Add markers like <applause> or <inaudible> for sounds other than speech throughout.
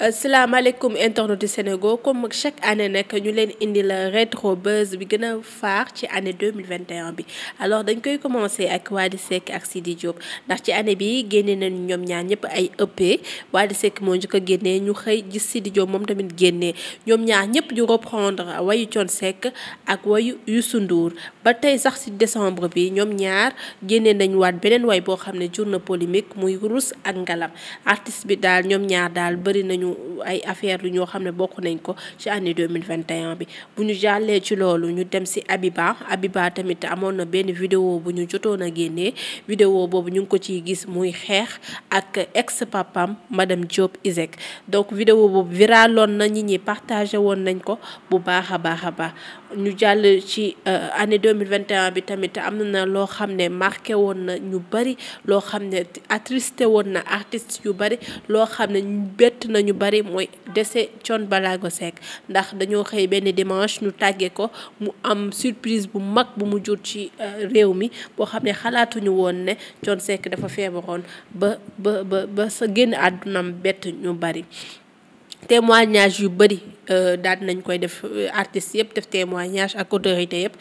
salaamaaleykum internet Sénégal comme chaque année nag ñu leen indi la rétro buzz bi gën a faar ci année 2021 bi alors dañ koy commencer ak Wally Seck ak Sidi Diop ndax ci année bi génne nañu ñoom ñaar ñëpp ay EP Wally Seck moo njëkk a génnee ñu xëy gis Sidi Diop moom tamit génnee ñoom ñaar ñëpp ñu reprendre wayu Thione Seck ak wayu yu Ndour ba tey sax ci décembre bi ñoom ñaar génne nañu waat beneen way boo xam ne jur na polémique muy Rousse ak Ngalam artiste bi daal ñoom ñaar daal bëri nañu ay affaire lu ñoo xam ne bokk nañ ko ci année 2021 bi bu ñu jàllee ci loolu ñu dem si Abiba Abiba tamit amoon na benn vidéo bu ñu jotoon a génnee vidéo boobu ñu ngi ko ci gis muy xeex ak ex ma dem Diop Iseg donc vidéo boobu viraloon na nit ñi partagé woon nañ ko bu baax a baax a baax ñu jàll ci euh, année 2021 bi tamit am na loo xam ne marqué woon na ñu bari loo xam ne attristé woon na artistes yu bari loo xam ne bett na ñu bari mooy décès Thione Ballago Seck ndax dañoo xëy benn dimanche ñu tàggee ko mu am surprise bu mag bu mu jur ci euh, réew mi boo xam ne xalaatuñu woon ne Thione Seck dafa feebaroon ba ba ba ba sa génn àddunam bett ñu bari témoignage yu bëri euh, daal nañ koy def euh, artistes yëpp def témoignage ak autorité yëpp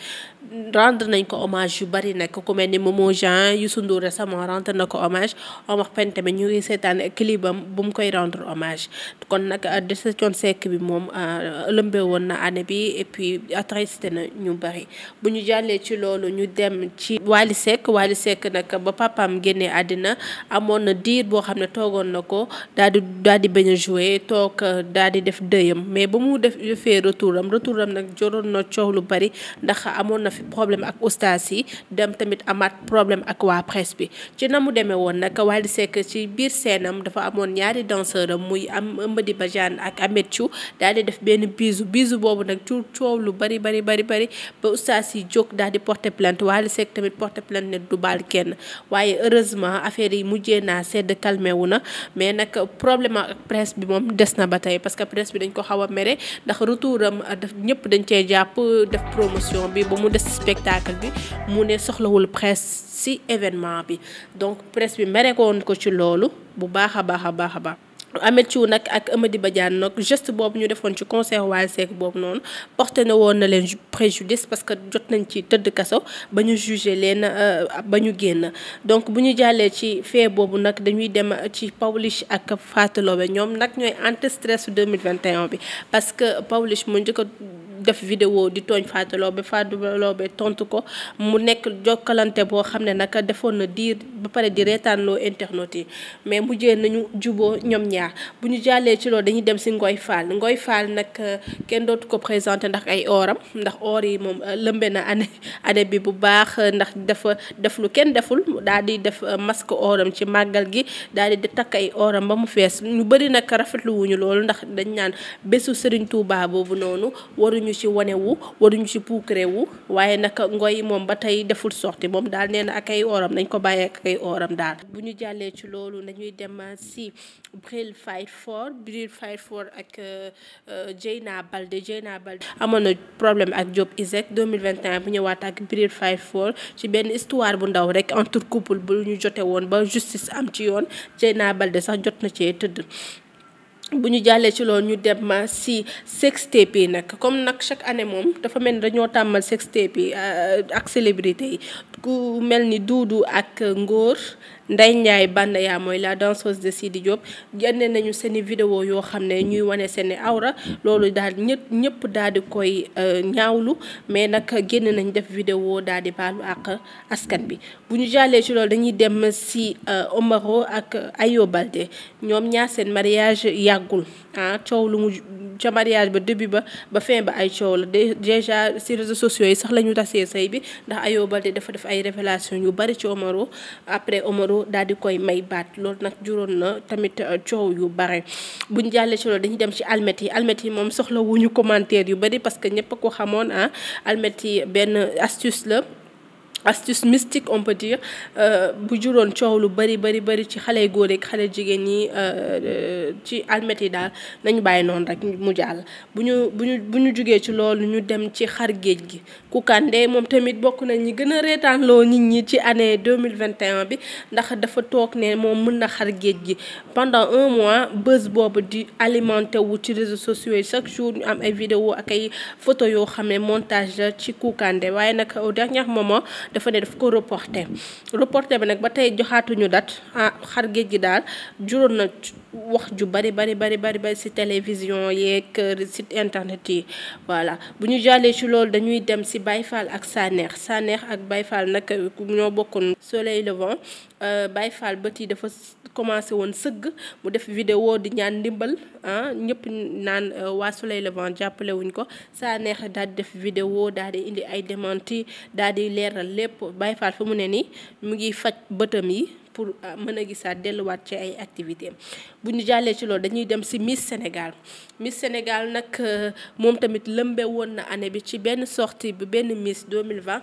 rendre nañ ko hommage yu bëri nag ku mel ni Momo Jean Youssou Ndour récemment rendre na ko hommage Omar Pène tamit ñu ngi seetaan clip bam koy rendre hommage kon nag euh, déception sec bi moom lëmbee woon na année bi et puis attristé na ñu bëri bu ñu jàllee ci loolu ñu dem ci Wally Seck Wally sekk nag ba papaam génne àddina amoon na diir boo xam ne toogoon na ko daal di daal di bañ daal di def dëyam mais ba mu def defee retour am nag joroon na coow lu bari ndax amoon na fi problème ak ustaas yi dem tamit amaat problème ak waa presse bi ci na mu demee woon nag Wally Seck ci biir seenam dafa amoon ñaari danseur am muy am Amady Badiane ak Ameth Thiou daal di def benn bisu bisu boobu nag ci coow lu bari bari ba ustaas yi jóg daal di porter plainte Wally Seck tamit porter plainte ne du baal kenn problème ak presse bi moom des na ba ba tey parce que presse bi dañ ko xaw a mere ndax retour am euh, daf ñëpp dañ cee jàpp def promotion bi ba mu des spectacle bi mu ne soxlawul presse ci événement bi donc presse bi merekoon ko ci loolu bu baax a baax baax a baax. Ameth ciw nag ak Amady Badiane nag geste boobu ñu defoon ci concert Wally Seck boobu noonu porté na woon na leen préjudice parce que jot nañ ci tëdd kaso ba ñu jugé leen euh, ba ñu génn donc bu ñu jàllee ci fee boobu nag dañuy dem ci Pawlish ak Fatou Laobé ñoom nag ñooy anti stress 2021 bi parce que Pawlish mu njëkk a def vidéo di tooñ Fatou Laobé Fatou Laobé tontu ko mu nekk jokkalante boo xam ne naka defoon na diir ba pare di reetaanloo internet yi mais mujjee nañu juboo ñoom ñaar bu ñu jàllee ci loolu dañuy dem si Ngoy Fall Ngoy Fall nag euh, kenn dootu ko présenté ndax ay oram ndax or yi moom euh, lëmbe na année <laughs> année bi bu baax euh, ndax dafa def lu kenn deful daal di def masque oram ci màggal gi daal di takk ay oram ba mu fees ñu bëri nag rafetlu wuñu loolu ndax dañ naan bésu Serigne Touba boobu noonu waruñu waruñu ci wane wu waruñu ci puukare wu waaye nag Ngoy moom ba tey deful sorti moom daal nee na ak ay oram nañ ko bàyyee ak ay daal. bu ñu jàllee ci loolu nañuy dem si Bril Fight Fort Bril Fight Fort ak Dieyna euh, euh, Balde Dieyna Balde. amoon na problème ak Diop Isaac 2021 bu ñëwaat ak Bril Fight Fort ci benn histoire bu ndaw rek entre couple bu ñu jote woon ba justice am ci yoon Dieyna Balde sax jot na cee tëdd. bu ñu jàllee ci loolu ñu dem euh, si sextape yi nag comme nag chaque année moom dafa mel ni dañoo tàmmal sextape yi euh, ak célébrité yi ku mel ni Duudu ak Ngóor Ndeye Ndiaye Bandaya mooy la danseuse de di Diop génne nañu seen i vidéo yoo xam ne ñuy wane seen i awra loolu daal ñëpp ñëpp daal di koy euh, ñaawlu mais nag génn nañ def vidéo daal di baalu ak askan bi bu ñu jàllee ci loolu dañuy dem si Omaro ak Ayo ñoom ñaar seen mariage yàggul ah coow lu mu ca mariage ba début ba ba fin ba ay coow la déjà si réseaux sociaux yi sax la ñu tasee say bi ndax Ayo Baldé dafa def ay révélation yu bari ci Omaro après Omaro daal di koy may baat loolu nag juróon na tamit euh, coow yu bare bu ñu jàllee ci loolu dañuy dem ci almet yi almet yi moom soxla wuñu commentaire yu bari parce que ñëpp ko xamoon a ah. almet yi benn astuce la astuce mystique on peut dire euh, bu juróon coow lu bari bari bari ci xale góor yi xale jigéen ñi euh, euh, ci almet yi daal nañu bàyyi noonu rek mu jàll bu ñu bu ñu bu ñu jugee ci loolu ñu dem ci xar géej gi Kukande moom tamit bokk nañ ñi gën a reetaanloo nit ñi ci année 2021 bi ndax dafa toog ne moom mën na xar géej gi pendant un mois buzz boobu di alimenté wu ci réseaux sociaux yi chaque jour ñu am ay vidéo ak ay photo yoo xam ne montage la ci Kukande waaye nag au dernier dafa ne daf ko reporté reporté bi nag ba tey joxaatuñu dat ah xar géej gi daal juróon na wax ju bari bari bari bari bari ci télévision yeeg site euh, internet yi voilà bu ñu jàllee ci loolu dañuy dem ci Baye Fall ak sànneex sànneex ak Baye Fall nag euh, ñoo bokkoon soleil levant euh, Baye Fall bët yi dafa commencé woon sëgg mu def vidéo di ñaan ndimbal ah ñëpp naan waa soleil levant jàppale wuñ ko Saneex daal di def vidéo daal di indi ay démenti daal di leeral lépp Baye Fall mu ne nii mu ngi faj bëtam yi pour euh, mën a gisaat delluwaat ci ay activités bu ñu jàllee ci loolu dañuy dem si Miss Sénégal Miss Sénégal nag euh, moom tamit lëmbe woon na année bi ci benn sortie bu benn Miss 2020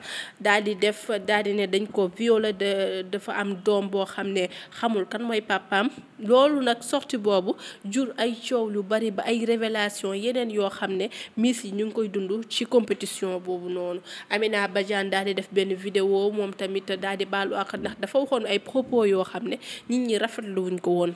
daal di def daal di ne dañ ko violé de dafa am doom boo xam ne xamul kan mooy papaam loolu nag sortie boobu jur ay coow lu bari ba ay révélation yeneen yoo xam ne Miss yi ñu ngi koy dund ci compétition boobu noonu Amina Badiane daal di def benn vidéo moom tamit daal di baalu ak ndax yoo xam ne nit ñi rafetlu wuñ ko woon.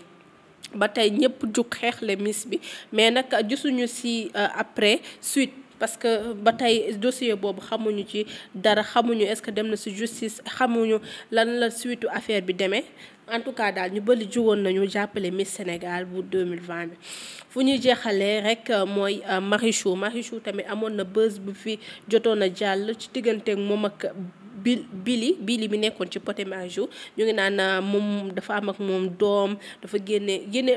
ba tey ñëpp jug xeexle Miss bi mais nag gisuñu ci euh, après suite. parce que euh, ba tey dossier boobu xamuñu ci dara xamuñu est-ce que dem na ci justice xamuñu lan la suite affaire bi demee en tout cas daal ñu bëri juwoon nañu jàppale Miss Sénégal bu 2020 bi fu ñuy jeexalee rek euh, mooy Marichou Marichou tamit amoon na buzz bu fi jotoon a jàll ci diggante moom ak bi bili bili bi nekkoon ci Potemagou ñu ngi naan euh, moom dafa am ak moom doom dafa génne génne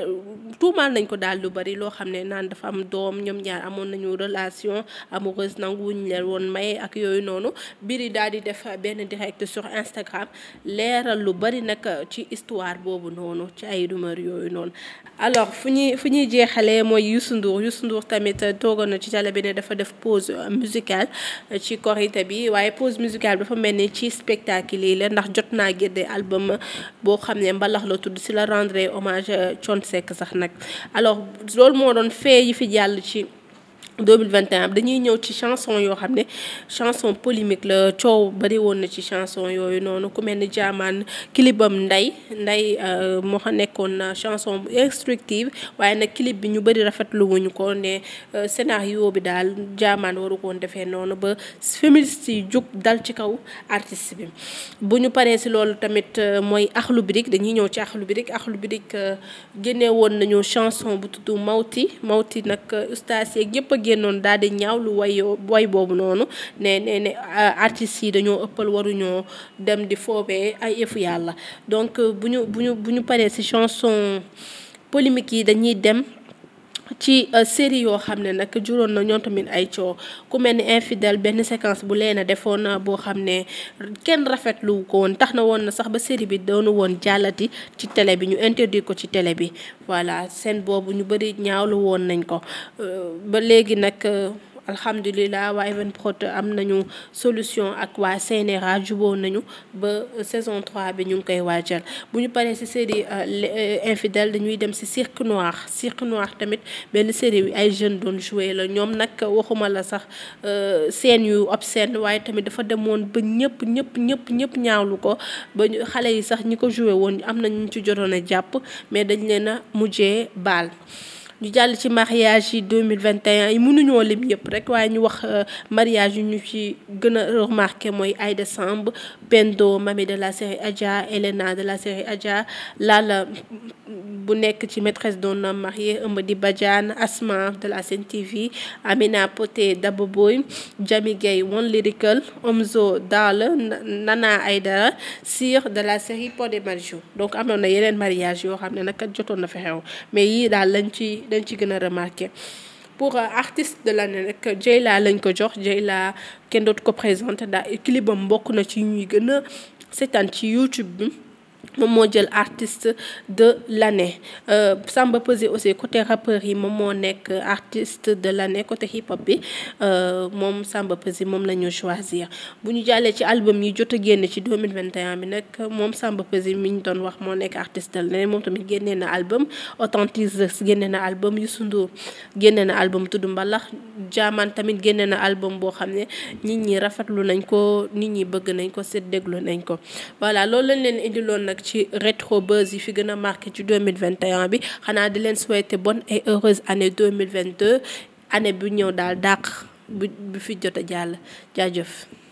tuumaal nañ ko daal lu bari loo xam ne naan dafa am doom ñoom ñaar amoon nañu relation amoureuse wuñ leen woon may ak yooyu noonu biri daal di def benn direct sur Instagram leeral lu bari nag ci histoire boobu noonu ci ay rumeur yooyu noonu alors fu ñuy fu ñuy jeexale mooy yu Ndour Youssou Ndour tamit toogoon na ci télé bi ne dafa def pose musicale ci mel ni ci spectacle yi la ndax jot naa gédde album boo xam ne mbalax la tudd si la rendre omage Thione Seck sax nag alors loolu moo doon fee yi fi jàll ci 2021 dañuy ñëw ci chanson yoo xam ne chanson polémique la coow bari woon na ci chanson yooyu noonu ku mel ni jaamaan kilibam nday nday euh, moo xam nekkoon na chanson instructive waaye nag clip bi ñu bari rafetlu wuñu ko ne euh, scénario bi daal jaamaan waru koon defee noonu ba féministe si jóg dal ci kaw artiste bi bu ñu paree si loolu tamit euh, mooy Akhlou Brick dañuy ñëw ci Akhlou Brick Akhlou Brick génne woon nañu chanson bu tudd Mawti Mawti nag ustaas yeeg yëpp génnoon daal di ñaaw lu woy way boobu noonu ne ne ne euh, artistes yi dañoo ëppal waruñoo dem di foobe ay yëfu yàlla donc euh, bu ñu bu ñu pare ñu paree ci chanson polémique yi dañuy dem ci euh, série yoo xam ne nag juróon na ñoom tamit ay coo ku mel ni infidèle benn séquence bu leen a defoon euh, boo xam ne kenn rafetlu ko woon tax na woon na sax ba série bi doonu woon jàllati ci télé bi ñu interdire ko ci télé bi voilà seen boobu ñu bëri ñaawlu woon nañ ko euh, ba léegi nag. alhamdulilah waa Evenprod am nañu solution ak waa CNRA juboo nañu ba saison trois bi ñu ngi koy waajal bu ñu paree ci série euh, infidèle dañuy dem ci cirque noir cirque noir tamit benn série bi ay jeunes doon jouer la ñoom nag waxuma la sax euh, seen yu obscène waaye tamit dafa demoon ba ñëpp ñëpp ñëpp ñëpp ñaawlu ko ba xale yi sax ñi ko joue woon am na ñu ci jotoon a jàpp mais dañ leen a mujjee baal ñu jàll ci mariage yi 2021 yi mënuñoo lim yëpp rek waaye ñu wax euh, mariage yu ñu ci gën a remarqué mooy Aïda Samb Pendo Mami de la série Adja Elena de la série Adja Lala bu nekk ci maîtresse d'un homme marié Eumeudi Badiane Asma de la Sen TV Amina Poté Daba Boy Jami Gueye One Lyrical Omzo Dala Nana Aïdara Sir de la série Pod et Marichou donc amoon na yeneen mariage yoo xam ne nag jotoon na fi mais yii daal lañ ci dañ ci gën a remarqué pour euh, artiste de l'année nag Jayla lañ ko jox Jayla kenn dootu ko présenté daa clip am bokk na ci ñuy gën a seetaan ci YouTube bi moom moo jël artiste de l'année euh, Samba Peuzé aussi côté rappeur yi moom moo nekk artiste de l'année côté hip hop bi euh, moom Samba Peuzé moom la ñu choisir bu ñu jàllee ci album yi jot a génn ci 2021 bi nag moom Samba Peuzé mi ñu doon wax moo nekk artiste de l'année moom tamit génnee na album Authentistes génne na album Youssou Ndour génne na album tuddu Mbalax Jaaman tamit génne na album boo xam ne nit ñi rafetlu nañ ko nit ñi bëgg nañ ko seet déglu nañ ko ci rétro buzz yi fi gën a marqué ci 2021 bi xanaa di leen souhaiter bonne et heureuse année deux année bu ñëw daal dàq bu fi jot a jàll jaajëf